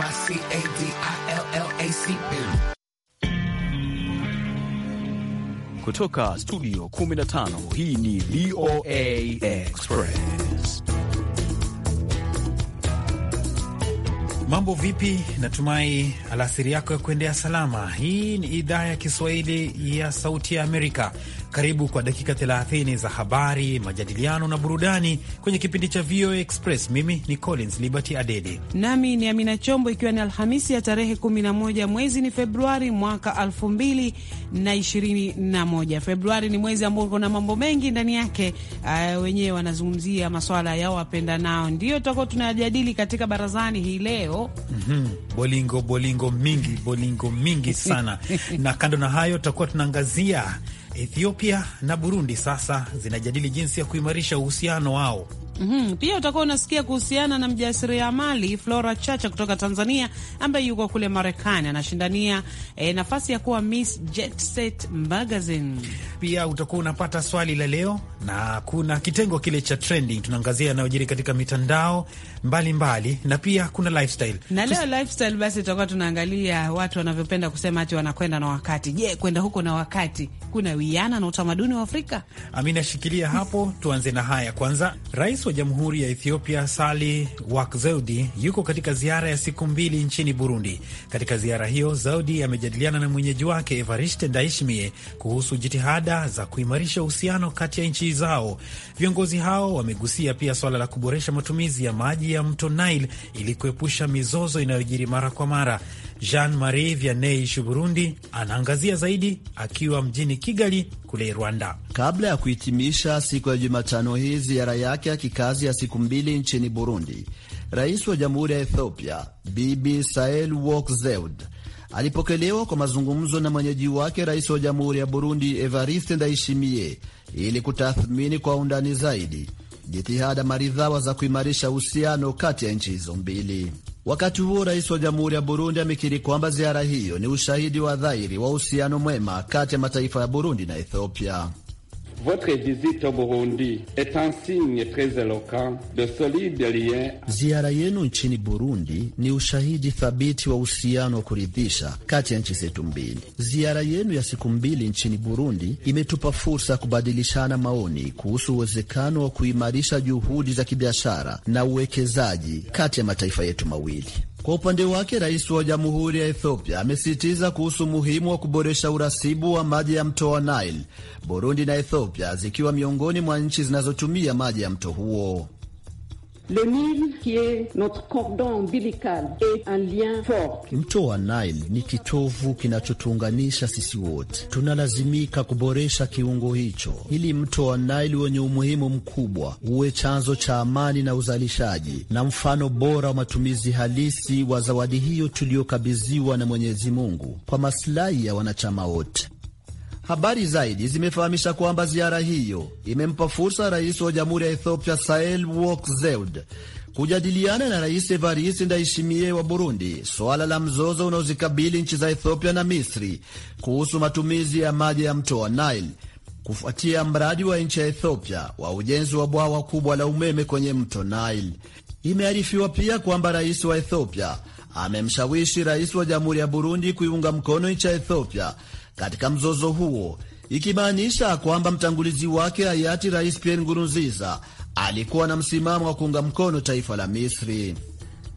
m i c a d i l l a c kutoka studio 15 hii ni VOA Express. Mambo vipi? Natumai alasiri yako ya kuendea salama. Hii ni idhaa ya Kiswahili ya Sauti ya Amerika. Karibu kwa dakika 30 za habari, majadiliano na burudani kwenye kipindi cha VOA Express. Mimi ni Collins Liberty Adede nami ni Amina Chombo, ikiwa ni Alhamisi ya tarehe 11 mwezi ni Februari mwaka 2021. Februari ni mwezi ambao uko na mambo mengi ndani yake. Uh, wenyewe wanazungumzia maswala yao nao ndio tutakuwa tunajadili katika barazani hii leo. mm -hmm. Bolingo bolingo mingi bolingo mingi sana na kando na hayo tutakuwa tunaangazia Ethiopia na Burundi sasa zinajadili jinsi ya kuimarisha uhusiano wao Mm -hmm. Pia utakuwa unasikia kuhusiana na mjasiriamali Flora Chacha kutoka Tanzania ambaye yuko kule Marekani anashindania eh, nafasi ya kuwa Miss Jet Set Magazine. Pia utakuwa unapata swali la leo na kuna kitengo kile cha trending, tunaangazia yanayojiri katika mitandao mbalimbali mbali, na pia kuna lifestyle na leo Tus... lifestyle basi tutakuwa tunaangalia watu wanavyopenda kusema ati wanakwenda na wakati. Je, kwenda huko na wakati kuna wiana na utamaduni wa Afrika? Amina, shikilia hapo tuanze na haya kwanza. Rais wa Jamhuri ya Ethiopia Sali Wakzeudi yuko katika ziara ya siku mbili nchini Burundi. Katika ziara hiyo, Zaudi amejadiliana na mwenyeji wake Evariste Ndayishimiye kuhusu jitihada za kuimarisha uhusiano kati ya nchi zao. Viongozi hao wamegusia pia swala la kuboresha matumizi ya maji ya mto Nile ili kuepusha mizozo inayojiri mara kwa mara. Jean Marie Vianney Shu Burundi anaangazia zaidi akiwa mjini Kigali kule Rwanda. Kabla ya kuhitimisha siku ya Jumatano hii ziara yake ya kikazi ya siku mbili nchini Burundi, rais wa jamhuri ya Ethiopia Bibi Sael Work alipokelewa kwa mazungumzo na mwenyeji wake rais wa jamhuri ya Burundi Evariste Ndayishimiye ili kutathmini kwa undani zaidi jitihada maridhawa za kuimarisha uhusiano kati ya nchi hizo mbili. Wakati huo rais wa jamhuri ya Burundi amekiri kwamba ziara hiyo ni ushahidi wa dhahiri wa uhusiano mwema kati ya mataifa ya Burundi na Ethiopia. Votre visite au Burundi est un signe très éloquent de solide lien. Ziara yenu nchini Burundi ni ushahidi thabiti wa uhusiano wa kuridhisha kati ya nchi zetu mbili. Ziara yenu ya siku mbili nchini Burundi imetupa fursa ya kubadilishana maoni kuhusu uwezekano wa kuimarisha juhudi za kibiashara na uwekezaji kati ya mataifa yetu mawili. Kwa upande wake, rais wa jamhuri ya Ethiopia amesisitiza kuhusu umuhimu wa kuboresha urasibu wa maji ya mto wa Nile, Burundi na Ethiopia zikiwa miongoni mwa nchi zinazotumia maji ya mto huo. Le Nil qui est notre cordon ombilical est un lien fort. Mto wa Nile ni kitovu kinachotuunganisha sisi wote, tunalazimika kuboresha kiungo hicho ili mto wa Nile wenye umuhimu mkubwa uwe chanzo cha amani na uzalishaji na mfano bora wa matumizi halisi wa zawadi hiyo tuliyokabidhiwa na Mwenyezi Mungu kwa maslahi ya wanachama wote. Habari zaidi zimefahamisha kwamba ziara hiyo imempa fursa rais wa jamhuri ya Ethiopia Sael Work Zewde kujadiliana na rais Evariste Ndayishimiye wa Burundi suala la mzozo unaozikabili nchi za Ethiopia na Misri kuhusu matumizi ya maji ya mto wa Nile kufuatia mradi wa nchi ya Ethiopia wa ujenzi wa bwawa kubwa la umeme kwenye mto Nile. Imearifiwa pia kwamba rais wa Ethiopia amemshawishi rais wa jamhuri ya Burundi kuiunga mkono nchi ya Ethiopia katika mzozo huo, ikimaanisha kwamba mtangulizi wake hayati Rais Pierre Nkurunziza alikuwa na msimamo wa kuunga mkono taifa la Misri.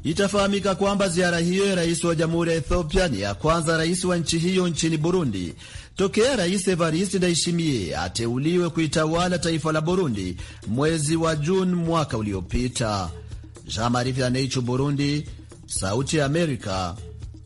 Itafahamika kwamba ziara hiyo ya rais wa jamhuri ya Ethiopia ni ya kwanza rais wa nchi hiyo nchini Burundi tokea Rais Evariste Ndayishimiye ateuliwe kuitawala taifa la Burundi mwezi wa Juni mwaka uliopita. Jean Marie Vianney, Burundi, Sauti ya Amerika,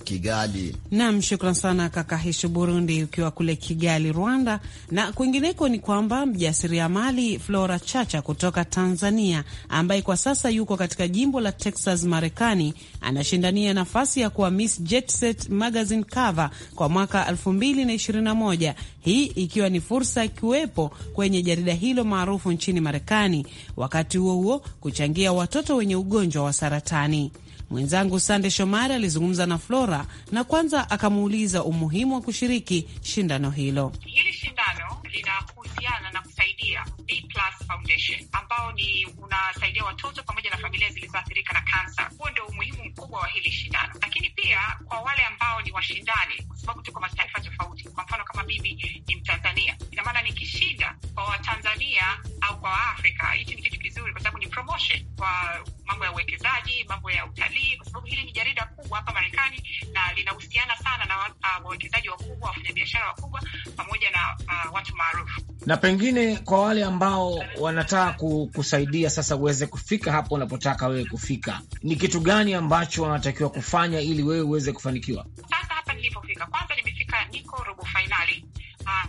Kigali. Naam, shukran sana kaka Hishu Burundi, ukiwa kule Kigali, Rwanda. Na kwingineko ni kwamba mjasiriamali Flora Chacha kutoka Tanzania, ambaye kwa sasa yuko katika jimbo la Texas, Marekani, anashindania nafasi ya kuwa Miss Jetset Magazine cover kwa mwaka 2021, hii ikiwa ni fursa ikiwepo kwenye jarida hilo maarufu nchini Marekani, wakati huo huo kuchangia watoto wenye ugonjwa wa saratani. Mwenzangu Sande Shomari alizungumza na Flora na kwanza akamuuliza umuhimu wa kushiriki shindano hilo. Hili shindano linahusiana na kusaidia B Plus Foundation ambao ni unasaidia watoto pamoja na familia zilizoathirika na kansa. Huo ndio umuhimu mkubwa wa hili shindano, lakini pia kwa wale ambao ni washindani, kwa sababu tuko mataifa tofauti. Kwa mfano kama mimi ni Mtanzania, ina maana nikishinda kwa Watanzania au kwa Waafrika, hichi ni kitu kizuri, kwa sababu ni promotion kwa mambo ya uwekezaji, mambo ya utalii, kwa sababu hili ni jarida kubwa hapa Marekani na linahusiana sana na uh, wawekezaji wakubwa, wafanyabiashara wakubwa pamoja na uh, watu maarufu na pengine kwa wale ambao wanataka kusaidia sasa uweze kufika hapo unapotaka wewe kufika, ni kitu gani ambacho wanatakiwa kufanya ili wewe uweze kufanikiwa? Sasa hapa nilipofika, kwanza nimefika, niko robo fainali. Ah,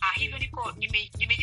ah, hivyo niko nime, nime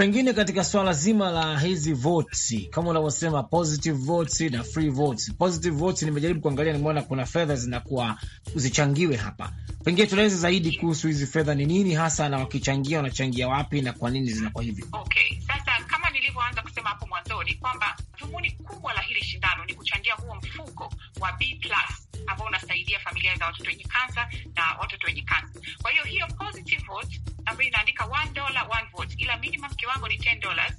pengine katika swala zima la hizi votes kama unavyosema positive votes na free votes. Positive votes nimejaribu kuangalia, nimeona kuna fedha zinakuwa zichangiwe hapa, pengine tunaweza zaidi kuhusu hizi fedha ni nini hasa, na wakichangia wanachangia wapi na kwa nini zinakuwa hivyo? Okay, sasa kama nilivyoanza kusema hapo mwanzoni kwamba dhumuni kubwa la hili shindano ni kuchangia huo mfuko wa B+ plus ambao unasaidia familia za watoto wenye kansa na watoto wenye kansa. Kwa hiyo hiyo positive vote ambayo inaandika one dollar one vote, ila minimum kiwango ni ten dollars,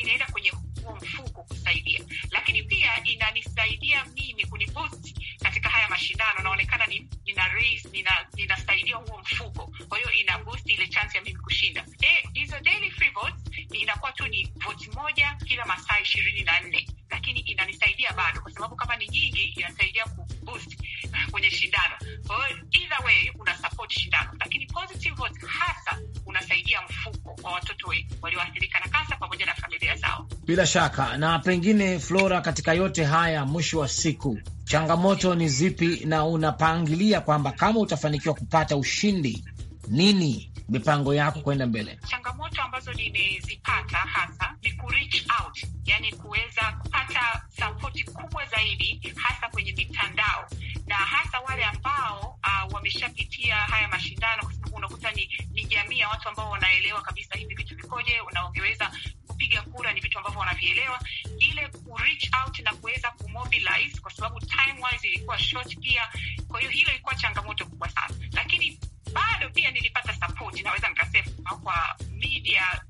inaenda kwenye huo mfuko kusaidia, lakini pia inanisaidia mimi kuniboost katika haya mashindano, naonekana ni, nina race, nina ninasaidia huo mfuko, kwa hiyo ina boost ile chance ya mimi kushinda. Hizo daily free votes inakuwa tu ni vote moja kila masaa ishirini na nne lakini inanisaidia bado, kwa sababu kama ni nyingi inasaidia kuboost eh, kwenye shindano. Kwa hiyo either way una support shindano, lakini positive vote hasa unasaidia mfuko kwa watoto walioathirika na kansa pamoja na familia zao. Bila shaka. Na pengine Flora, katika yote haya, mwisho wa siku changamoto ni zipi, na unapangilia kwamba kama utafanikiwa kupata ushindi, nini mipango yako kwenda mbele? Changamoto ambazo nimezipata hasa ni ku reach out, yani kuweza kupata sapoti kubwa zaidi hasa kwenye mitandao na hasa wale ambao uh, wameshapitia haya mashindano, kwa sababu unakuta ni, ni jamii ya watu ambao wanaelewa kabisa hivi vitu vikoje, unaongeweza kupiga kura, ni vitu ambavyo wanavielewa, ile ku reach out na kuweza kumobilize, kwa sababu time wise ilikuwa short pia. Kwa hiyo hilo ilikuwa changamoto kubwa sana, lakini bado pia nilipata sapoti, naweza nikasema kwa media.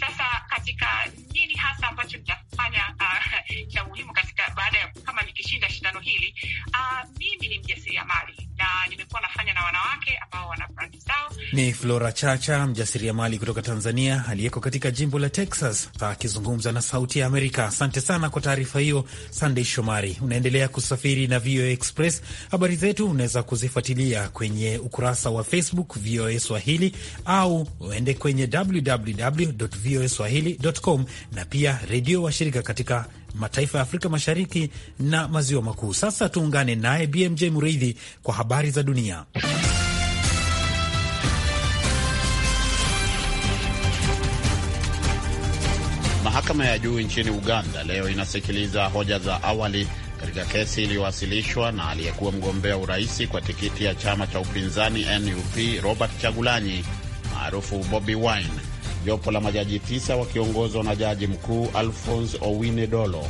Sasa katika nini hasa ambacho nita kufanya uh, cha uh, muhimu katika baada ya kama nikishinda shindano hili uh, mimi ni mjasiriamali na nimekuwa nafanya na wanawake ambao wana brandi zao. Ni Flora Chacha, mjasiriamali kutoka Tanzania aliyeko katika jimbo la Texas, akizungumza na Sauti ya Amerika. Asante sana kwa taarifa hiyo, Sandey Shomari. Unaendelea kusafiri na VOA Express. Habari zetu unaweza kuzifuatilia kwenye ukurasa wa Facebook VOA Swahili au uende kwenye www voa swahili com na pia redio wa washirika katika mataifa ya Afrika Mashariki na Maziwa Makuu. Sasa tuungane naye BMJ Muridhi kwa habari za dunia. Mahakama ya juu nchini Uganda leo inasikiliza hoja za awali katika kesi iliyowasilishwa na aliyekuwa mgombea uraisi kwa tikiti ya chama cha upinzani NUP Robert Chagulanyi maarufu Bobi Wine Jopo la majaji tisa wakiongozwa na jaji mkuu Alphonse Owine Dolo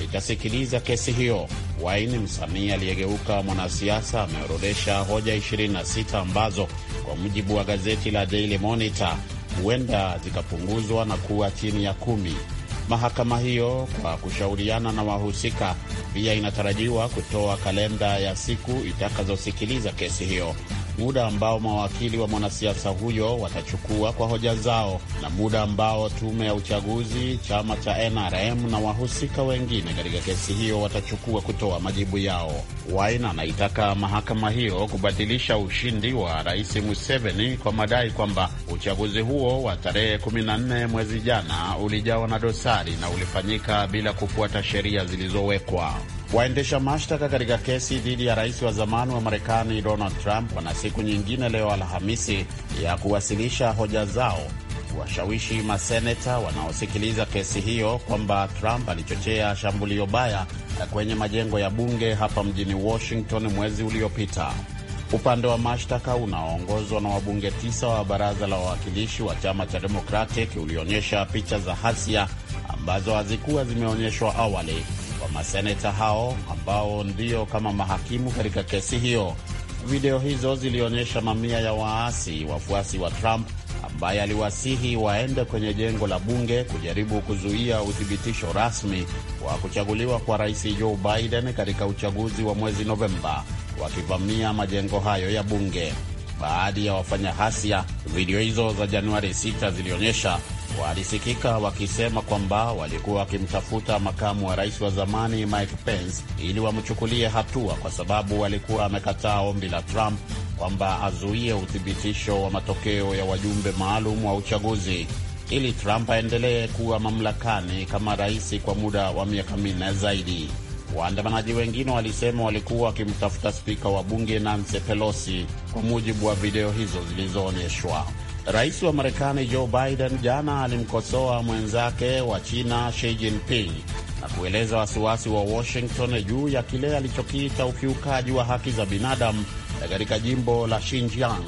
litasikiliza kesi hiyo. Waini msanii aliyegeuka mwanasiasa ameorodesha hoja 26 ambazo kwa mujibu wa gazeti la Daily Monitor huenda zikapunguzwa na kuwa chini ya kumi. Mahakama hiyo kwa kushauriana na wahusika pia inatarajiwa kutoa kalenda ya siku itakazosikiliza kesi hiyo muda ambao mawakili wa mwanasiasa huyo watachukua kwa hoja zao na muda ambao tume ya uchaguzi, chama cha NRM na wahusika wengine katika kesi hiyo watachukua kutoa majibu yao. Waina anaitaka mahakama hiyo kubatilisha ushindi wa Rais Museveni kwa madai kwamba uchaguzi huo wa tarehe 14 mwezi jana ulijawa na dosari na ulifanyika bila kufuata sheria zilizowekwa. Waendesha mashtaka katika kesi dhidi ya rais wa zamani wa Marekani Donald Trump wana siku nyingine leo Alhamisi ya kuwasilisha hoja zao kuwashawishi maseneta wanaosikiliza kesi hiyo kwamba Trump alichochea shambulio baya kwenye majengo ya bunge hapa mjini Washington mwezi uliopita. Upande wa mashtaka unaoongozwa na wabunge tisa wa baraza la wawakilishi wa chama cha Democratic ulionyesha picha za hasia ambazo hazikuwa zimeonyeshwa awali kwa maseneta hao ambao ndio kama mahakimu katika kesi hiyo. Video hizo zilionyesha mamia ya waasi wafuasi wa Trump ambaye aliwasihi waende kwenye jengo la bunge kujaribu kuzuia uthibitisho rasmi wa kuchaguliwa kwa rais Joe Biden katika uchaguzi wa mwezi Novemba, wakivamia majengo hayo ya bunge baadhi ya wafanya hasia. Video hizo za Januari 6 zilionyesha walisikika wakisema kwamba walikuwa wakimtafuta makamu wa rais wa zamani Mike Pence ili wamchukulie hatua kwa sababu alikuwa amekataa ombi la Trump kwamba azuie uthibitisho wa matokeo ya wajumbe maalum wa uchaguzi ili Trump aendelee kuwa mamlakani kama rais kwa muda wa miaka minne zaidi. Waandamanaji wengine walisema walikuwa wakimtafuta spika wa bunge Nancy Pelosi, kwa mujibu wa video hizo zilizoonyeshwa. Rais wa Marekani Joe Biden jana alimkosoa mwenzake wa China Xi Jinping na kueleza wasiwasi wa Washington juu ya kile alichokiita ukiukaji wa haki za binadamu katika jimbo la Xinjiang.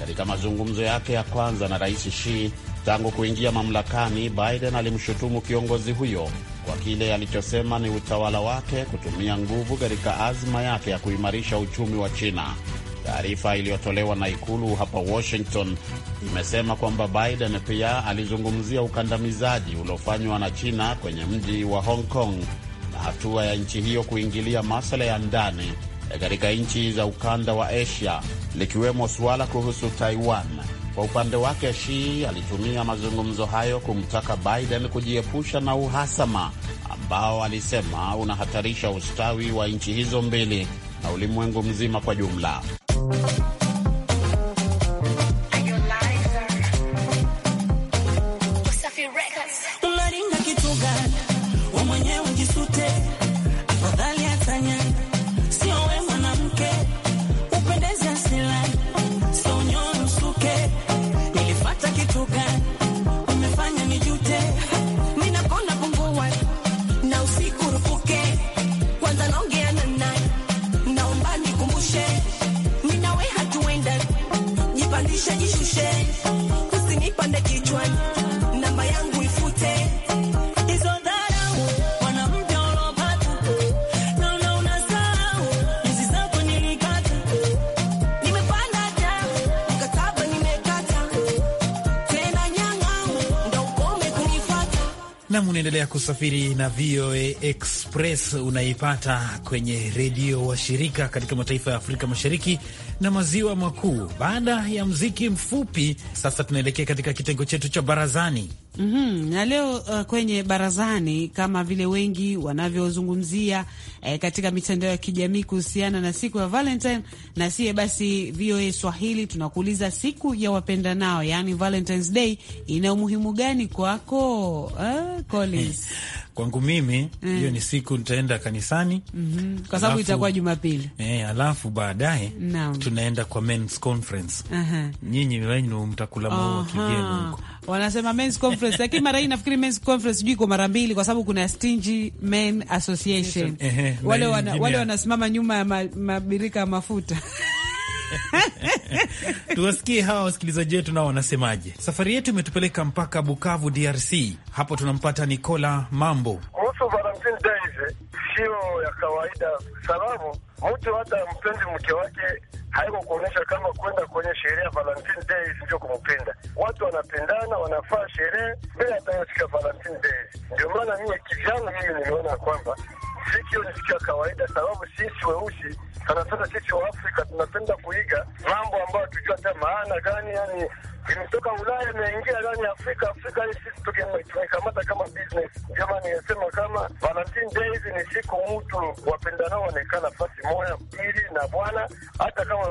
Katika mazungumzo yake ya kwanza na Rais Xi tangu kuingia mamlakani, Biden alimshutumu kiongozi huyo kwa kile alichosema ni utawala wake kutumia nguvu katika azma yake ya kuimarisha uchumi wa China. Taarifa iliyotolewa na ikulu hapa Washington imesema kwamba Biden pia alizungumzia ukandamizaji uliofanywa na China kwenye mji wa Hong Kong na hatua ya nchi hiyo kuingilia masuala ya ndani katika nchi za ukanda wa Asia likiwemo suala kuhusu Taiwan. Kwa upande wake, Shi alitumia mazungumzo hayo kumtaka Biden kujiepusha na uhasama ambao alisema unahatarisha ustawi wa nchi hizo mbili na ulimwengu mzima kwa jumla. Nam, unaendelea kusafiri na VOA Express. Unaipata kwenye redio wa shirika katika mataifa ya Afrika Mashariki na Maziwa Makuu. Baada ya mziki mfupi, sasa tunaelekea katika kitengo chetu cha barazani. Mm -hmm. Na leo uh, kwenye barazani kama vile wengi wanavyozungumzia eh, katika mitandao ya kijamii kuhusiana na siku ya Valentine, na siye basi VOA Swahili tunakuuliza siku ya wapenda nao yani Valentine's Day ina umuhimu gani kwako eh, Collins? Kwangu mimi eh. hiyo eh, ni siku nitaenda kanisani mm -hmm. kwa sababu itakuwa Jumapili eh, alafu baadaye tunaenda kwa men's conference. Nyinyi wenyu mtakula -huh. kigeni huko wanasema men's conference, lakini mara hii nafikiri men's conference sijui kwa mara mbili, kwa sababu kuna stingy men association wale wana, wale wanasimama nyuma ya mabirika ya mafuta tuwasikie hawa wasikilizaji wetu nao wanasemaje. Safari yetu imetupeleka mpaka Bukavu, DRC. Hapo tunampata Nicola Mambo. Kuhusu Valentine Day sio ya kawaida, sababu mtu hata mpenzi mke wake haiko kuonyesha kama kwenda kwenye sherehe ya Valentine Day sio kumpenda. Watu wanapendana, wanafaa sherehe bila hata yafika Valentine Day. Ndio maana mimi kijana, mimi niliona kwamba sikio ni siku ya kawaida, sababu sisi weusi sana sana, sisi wa Afrika tunapenda kuiga mambo ambayo tujua hata maana gani, yani imetoka Ulaya imeingia ndani ya Afrika. Afrika hii sisi tunaikamata kama business. Jamani, nasema kama Valentine hizi ni siku mtu wapendanao wanaekaa nafasi moya mbili na bwana, hata kama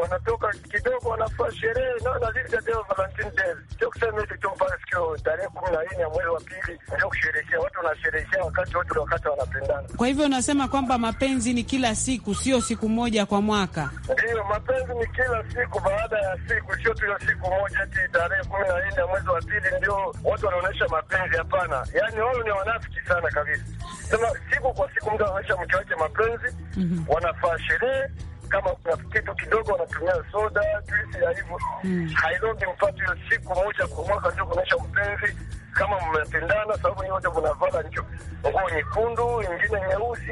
wanatoka kidogo wanafaa sherehe naona litadewa Valentine Days, sio kusema hili tu mpaka sikio tarehe kumi na nne ya mwezi wa pili ndio kusherehekea. Watu wanasherehekea wakati wote, wakati wanapendana. Kwa hivyo unasema kwamba mapenzi ni kila siku, sio siku moja kwa mwaka? Ndio, mapenzi ni kila siku, baada ya siku, sio tu siku moja moja ati tarehe kumi na nne mwezi wa pili ndio watu wanaonyesha mapenzi. Hapana, yani wao ni wanafiki sana kabisa. Sema siku kwa siku mtu anaonyesha mke wake mapenzi, mhm. wanafaa sherehe kama kuna kitu kidogo wanatumia soda, juisi ya hivyo mm. hailongi mpatu hiyo siku moja kwa mwaka ndio kuonyesha mpenzi kama mmependana, sababu ni wote kunavala nguo nyekundu, ingine nyeusi.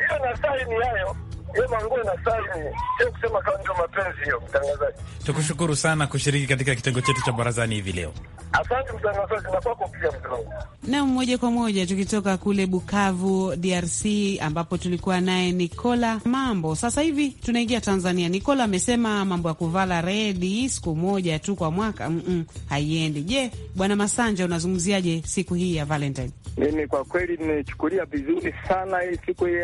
Hiyo nasari ni hayo kusema kama ndio mapenzi hiyo. Mtangazaji, tukushukuru sana kushiriki katika kitengo chetu cha barazani hivi leo. Asante mtangazaji, na kwako pia mtangazaji. Naam, moja kwa moja tukitoka kule Bukavu, DRC, ambapo tulikuwa naye Nicola Mambo. Sasa hivi tunaingia Tanzania. Nicola amesema mambo ya kuvala redi siku moja tu kwa mwaka mm -mm, haiendi. Je, Bwana Masanja, unazungumziaje siku hii ya Valentine? Mimi kwa kweli nimechukulia vizuri sana hii siku ya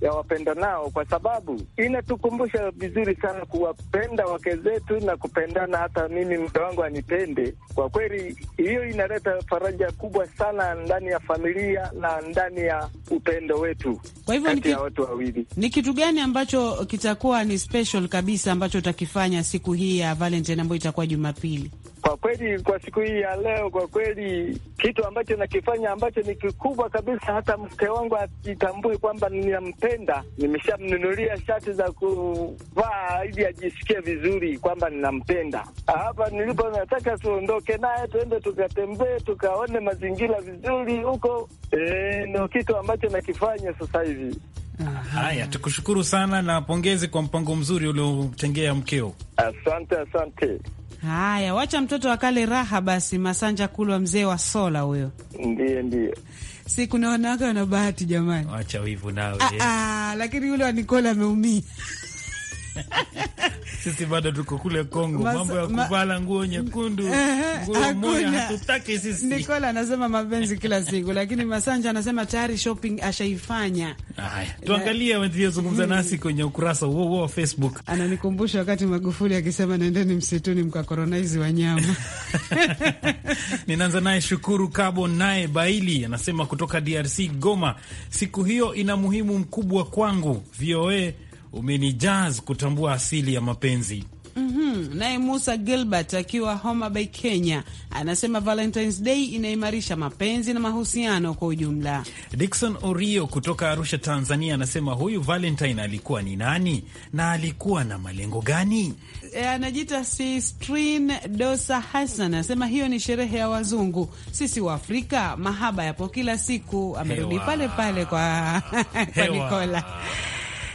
ya wapendanao kwa sababu inatukumbusha vizuri sana kuwapenda wake zetu na kupendana. Hata mimi mke wangu anipende kwa kweli, hiyo inaleta faraja kubwa sana ndani ya familia na ndani ya upendo wetu kwa hivyo ni watu wawili. Ni kitu gani ambacho kitakuwa ni special kabisa ambacho utakifanya siku hii ya Valentine ambayo itakuwa Jumapili? Kwa kweli kwa siku hii ya leo, kwa kweli kitu ambacho nakifanya ambacho ni kikubwa kabisa, hata mke wangu atitambue kwamba ninampenda. Nimeshamnunulia shati za kuvaa ili ajisikie vizuri kwamba ninampenda. Hapa nilipo, nataka tuondoke naye, tuende tukatembee, tukaone mazingira vizuri huko. E, ndo kitu ambacho nakifanya sasa hivi. Haya, tukushukuru sana na pongezi kwa mpango mzuri uliotengea mkeo. Asante, asante. Haya, wacha mtoto akale raha basi. Masanja Kulwa, mzee wa sola huyo, ndiye ndiye si kuna wanawake wana bahati jamani, wacha wivu ah, ah, Lakini yule wa Nikola ameumia Sisi bado tuko kule Kongo, mambo ya kuvala nguo nyekundu, hatutaki sisi. anasema mapenzi kila siku, lakini Masanja anasema tayari shopping ashaifanya. Haya, tuangalie waliozungumza hmm. nasi kwenye ukurasa huo huo wa Facebook. Ananikumbusha wakati Magufuli akisema nendeni msituni mkakoronaizi wanyama. Ninaanza naye Shukuru Kabo naye Baili anasema kutoka DRC Goma, siku hiyo ina muhimu mkubwa kwangu VOA umenijaz kutambua asili ya mapenzi. Mm -hmm. Naye Musa Gilbert akiwa Homa Bay, Kenya anasema Valentine's Day inaimarisha mapenzi na mahusiano kwa ujumla. dikson Orio kutoka Arusha, Tanzania anasema huyu Valentine alikuwa ni nani na alikuwa na malengo gani? E, anajita Sistrin Dosa Hassan anasema hiyo ni sherehe ya wazungu, sisi wa Afrika mahaba yapo kila siku. Amerudi pale pale kwa, kwa Nikola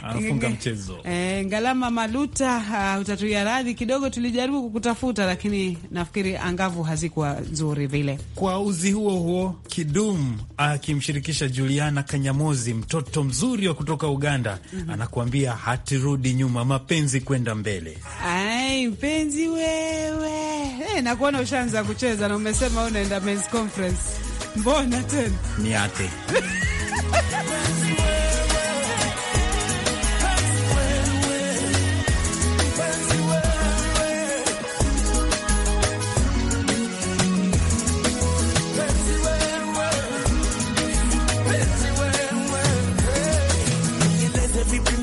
anafunga mchezo e, Ngalama Maluta, uh, ah, utatuia radhi kidogo, tulijaribu kukutafuta lakini nafikiri angavu hazikuwa nzuri vile. Kwa uzi huo huo, Kidum akimshirikisha Juliana Kanyamozi, mtoto mzuri wa kutoka Uganda mm -hmm. anakuambia hatirudi nyuma, mapenzi kwenda mbele. Ai mpenzi wewe, hey, eh, nakuona ushaanza kucheza na umesema unaenda men's conference, mbona tena ni ate every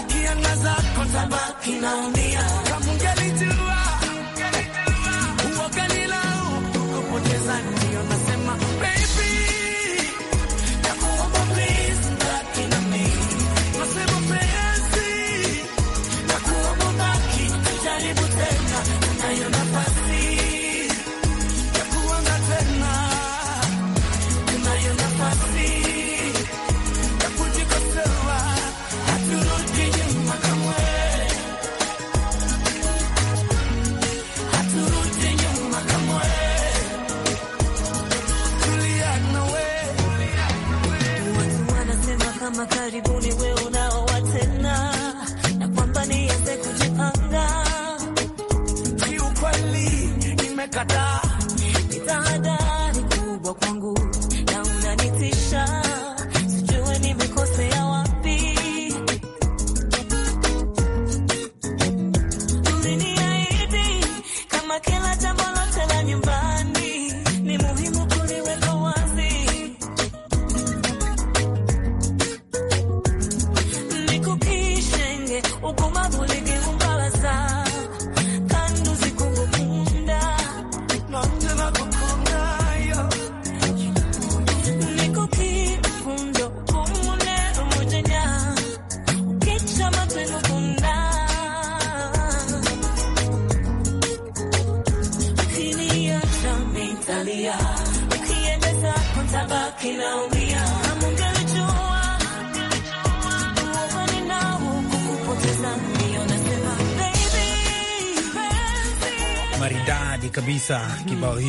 ukiangaza kotabaki naumia kama ungenijua uoganila kupoteza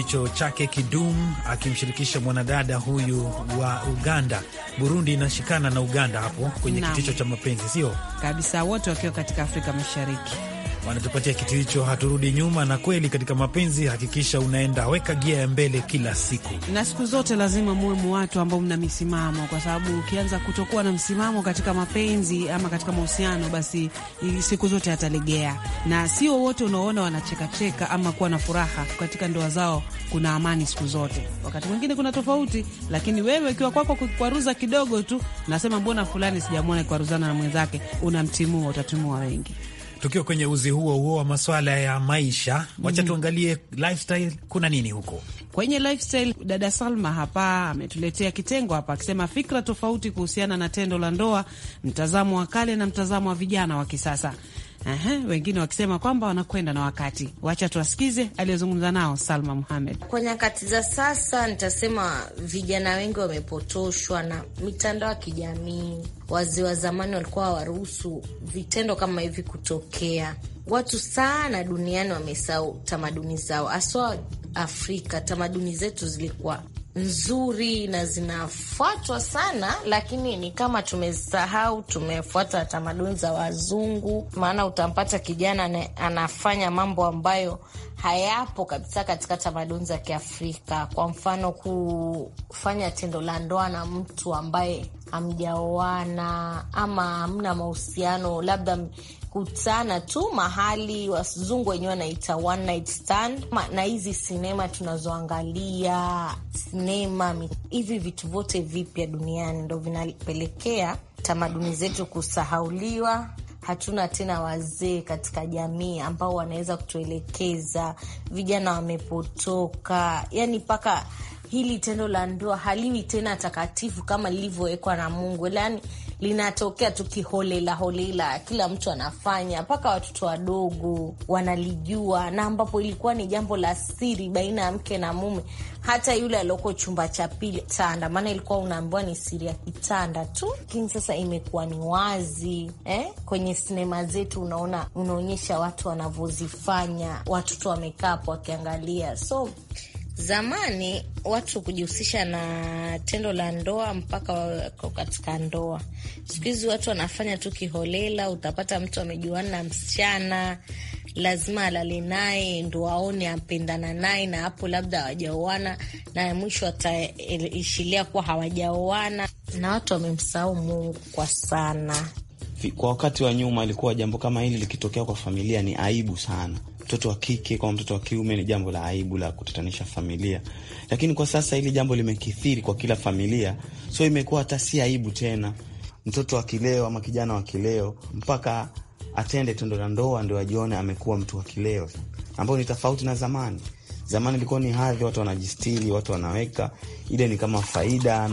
hicho chake Kidum akimshirikisha mwanadada huyu wa Uganda. Burundi inashikana na Uganda hapo kwenye kiticho cha mapenzi, sio kabisa, wote wakiwa katika Afrika Mashariki wanatupatia kitu hicho, haturudi nyuma. Na kweli katika mapenzi, hakikisha unaenda weka gia ya mbele kila siku, na siku zote lazima muwe watu ambao mna misimamo, kwa sababu ukianza kutokuwa na msimamo katika mapenzi ama katika mahusiano, basi siku zote atalegea. Na sio wote unaoona wanachekacheka ama kuwa na furaha katika ndoa zao kuna amani siku zote. Wakati mwingine kuna tofauti, lakini wewe ukiwa kwako kukwaruza kidogo tu, nasema mbona fulani sijamwona kwaruzana na mwenzake, unamtimua, utatimua wengi. Tukiwa kwenye uzi huo huo wa maswala ya maisha, wacha mm. tuangalie lifestyle. Kuna nini huko kwenye lifestyle? Dada Salma hapa ametuletea kitengo hapa akisema fikra tofauti kuhusiana na tendo la ndoa, mtazamo wa kale na mtazamo wa vijana wa kisasa. Aha, wengine wakisema kwamba wanakwenda na wakati. Wacha tuwasikize aliyozungumza nao Salma Muhamed. Kwa nyakati za sasa, nitasema vijana wengi wamepotoshwa na mitandao ya kijamii. Wazee wa zamani walikuwa hawaruhusu vitendo kama hivi kutokea. Watu sana duniani wamesahau tamaduni zao, haswa Afrika. Tamaduni zetu zilikuwa nzuri na zinafuatwa sana, lakini ni kama tumesahau, tumefuata tamaduni za wazungu. Maana utampata kijana anafanya mambo ambayo hayapo kabisa katika tamaduni za Kiafrika. Kwa mfano, kufanya tendo la ndoa na mtu ambaye hamjaoana ama hamna mahusiano, labda kutana tu mahali wazungu wenyewe wanaita one night stand. Na hizi sinema tunazoangalia sinema, hivi vitu vyote vipya duniani ndo vinapelekea tamaduni zetu kusahauliwa. Hatuna tena wazee katika jamii ambao wanaweza kutuelekeza. Vijana wamepotoka, yani mpaka hili tendo la ndoa haliwi tena takatifu kama lilivyowekwa na Mungu, yani linatokea tukiholelaholela holela, kila mtu anafanya, mpaka watoto wadogo wanalijua, na ambapo ilikuwa ni jambo la siri baina ya mke na mume. Hata yule alioko chumba cha pili tanda, maana ilikuwa unaambiwa ni siri ya kitanda tu, lakini sasa imekuwa ni wazi eh? Kwenye sinema zetu unaona, unaonyesha watu wanavyozifanya, watoto wamekaa hapo wakiangalia so Zamani watu kujihusisha na tendo la ndoa mpaka wako katika ndoa. Siku hizi watu wanafanya tu kiholela. Utapata mtu amejuana na msichana, lazima alali naye ndo aone ampendana naye, na hapo labda hawajaoana, na mwisho wataishilia kuwa hawajaoana, na watu wamemsahau Mungu kwa sana. Kwa wakati wa nyuma, ilikuwa jambo kama hili likitokea kwa familia ni aibu sana mtoto wa kike kwa mtoto wa kiume ni jambo la aibu la kutatanisha familia, lakini kwa sasa hili jambo limekithiri kwa kila familia, so imekuwa hata si aibu tena. Mtoto wa kileo ama kijana wa kileo mpaka atende tendo la ndoa ndio ajione amekuwa mtu wa kileo, ambayo ni tofauti na zamani. Zamani ilikuwa ni hadhi, watu wanajistiri, watu wanaweka ile ni kama faida,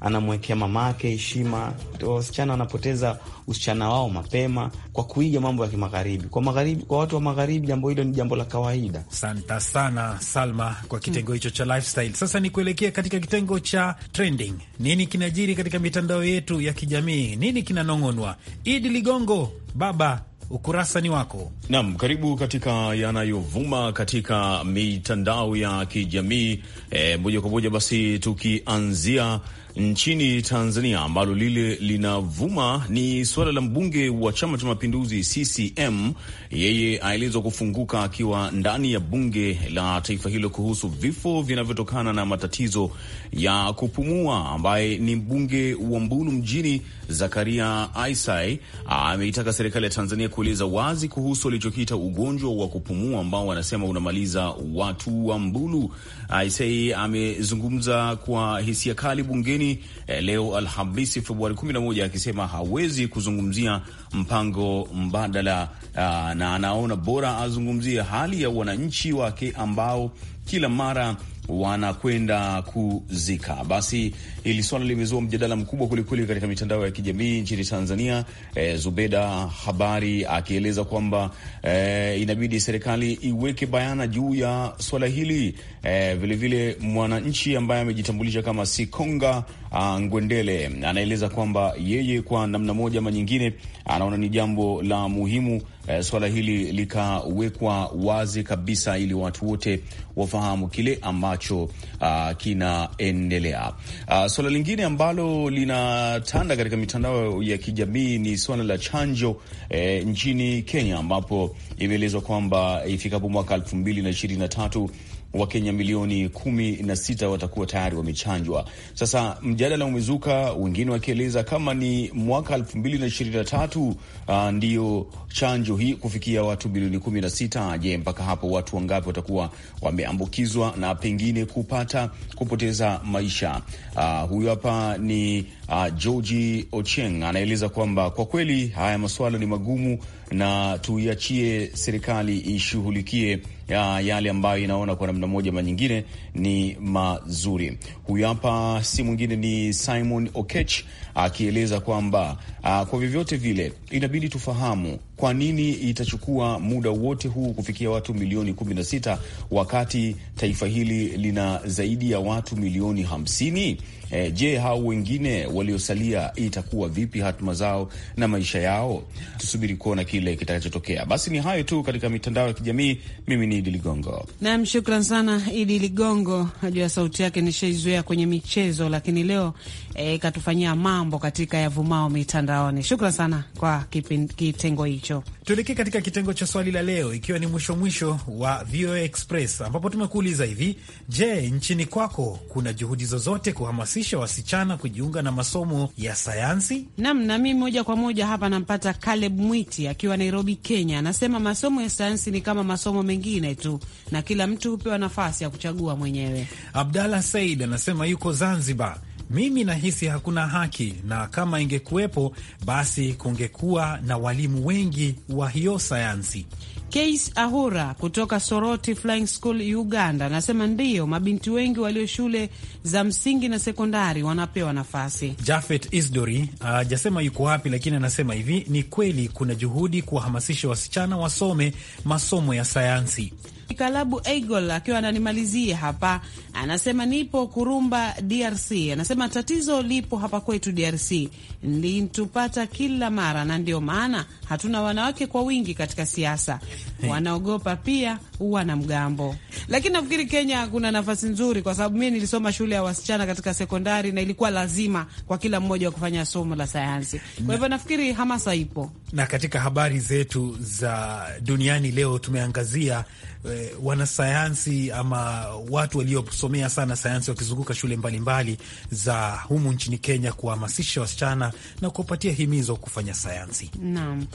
anamwekea mamake heshima. Wasichana wanapoteza usichana wao mapema kwa kuiga mambo ya kimagharibi. Kwa magharibi, kwa watu wa magharibi, jambo hilo ni jambo la kawaida. Asante sana Salma kwa kitengo hicho cha lifestyle. Sasa ni kuelekea katika kitengo cha trending. Nini kinajiri katika mitandao yetu ya kijamii? Nini kinanong'onwa? Idi Ligongo, baba ukurasa ni wako. Naam, karibu katika yanayovuma katika mitandao ya kijamii e, moja kwa moja basi tukianzia nchini Tanzania ambalo lile linavuma ni suala la mbunge wa Chama cha Mapinduzi CCM. Yeye aelezwa kufunguka akiwa ndani ya bunge la taifa hilo kuhusu vifo vinavyotokana na matatizo ya kupumua, ambaye ni mbunge wa Mbulu mjini Zakaria Isai ameitaka serikali ya Tanzania kueleza wazi kuhusu walichokiita ugonjwa wa kupumua ambao wanasema unamaliza watu wa Mbulu. Aisei amezungumza kwa hisia kali bungeni eh, leo Alhamisi Februari 11 akisema hawezi kuzungumzia mpango mbadala ah, na anaona bora azungumzie hali ya wananchi wake ambao kila mara wanakwenda kuzika. Basi hili swala limezua mjadala mkubwa kwelikweli katika mitandao ya kijamii nchini Tanzania. E, Zubeda Habari akieleza kwamba e, inabidi serikali iweke bayana juu ya swala hili. E, vilevile mwananchi ambaye amejitambulisha kama Sikonga uh, Ngwendele anaeleza kwamba yeye kwa namna moja ama nyingine anaona ni jambo la muhimu eh, swala hili likawekwa wazi kabisa ili watu wote wafahamu kile ambacho uh, kinaendelea. Uh, swala lingine ambalo linatanda katika mitandao ya kijamii ni swala la chanjo eh, nchini Kenya ambapo imeelezwa kwamba ifikapo mwaka elfu mbili na ishirini na tatu Wakenya milioni kumi na sita watakuwa tayari wamechanjwa. Sasa mjadala umezuka, wengine wakieleza kama ni mwaka elfu mbili na ishirini na tatu uh, ndiyo chanjo hii kufikia watu milioni kumi na sita. Je, mpaka hapo watu wangapi watakuwa wameambukizwa na pengine kupata kupoteza maisha? Uh, huyu hapa ni uh, Georgi Ocheng anaeleza kwamba kwa kweli haya masuala ni magumu na tuiachie serikali ishughulikie ya yale ambayo inaona kwa namna moja ama nyingine ni mazuri. Huyu hapa si mwingine ni Simon Okech akieleza kwamba ah, kwa vyovyote vile inabidi tufahamu kwa nini itachukua muda wote huu kufikia watu milioni 16 wakati taifa hili lina zaidi ya watu milioni 50? E, eh, je, hao wengine waliosalia itakuwa vipi hatima zao na maisha yao? Tusubiri kuona kile kitakachotokea. Basi ni hayo tu katika mitandao ya kijamii. Mimi ni Idi Ligongo nam, shukran sana Idi Ligongo. Najua sauti yake nishaizoea kwenye michezo, lakini leo e, katufanyia mambo katika yavumao mitandaoni. Shukran sana kwa kipin, kitengo hicho. Tuelekee katika kitengo cha swali la leo, ikiwa ni mwisho mwisho wa VOA Express ambapo tumekuuliza hivi: Je, nchini kwako kuna juhudi zozote kuhamasisha wasichana kujiunga na masomo ya sayansi? Nam na mimi moja kwa moja hapa nampata Caleb Mwiti akiwa Nairobi, Kenya, anasema masomo ya sayansi ni kama masomo mengine tu na kila mtu hupewa nafasi ya kuchagua mwenyewe. Abdallah Said anasema yuko Zanzibar, mimi nahisi hakuna haki, na kama ingekuwepo basi kungekuwa na walimu wengi wa hiyo sayansi. Case Ahura kutoka Soroti Flying School Uganda anasema ndiyo, mabinti wengi walio shule za msingi na sekondari wanapewa nafasi. Jafet Isdori ajasema uh, yuko wapi, lakini anasema hivi, ni kweli kuna juhudi kuwahamasisha wasichana wasome masomo ya sayansi. Kalabu Eagle akiwa ananimalizia hapa, anasema nipo Kurumba, DRC. Anasema tatizo lipo hapa kwetu DRC, litupata kila mara, na ndio maana hatuna wanawake kwa wingi katika siasa. Wanaogopa pia wanamgambo. Lakini nafikiri Kenya kuna nafasi nzuri, kwa sababu mi nilisoma shule ya wasichana katika sekondari, na ilikuwa lazima kwa kila mmoja wa kufanya somo la sayansi. Kwa hivyo nafikiri hamasa ipo, na katika habari zetu za duniani leo tumeangazia eh, wanasayansi ama watu waliosomea sana sayansi wakizunguka shule mbalimbali mbali za humu nchini Kenya kuwahamasisha wasichana na kuwapatia himizo kufanya sayansi. Naam.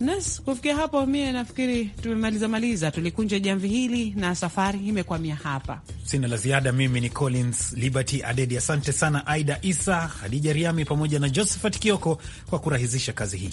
Nas, kufikia hapo mie nafikiri tumemaliza maliza, tulikunja jamvi hili na safari imekwamia hapa. Sina la ziada. Mimi ni Collins Liberty Adedi, asante sana Aida Isa, Hadija Riami pamoja na Josephat Kioko kwa kurahisisha kazi hii.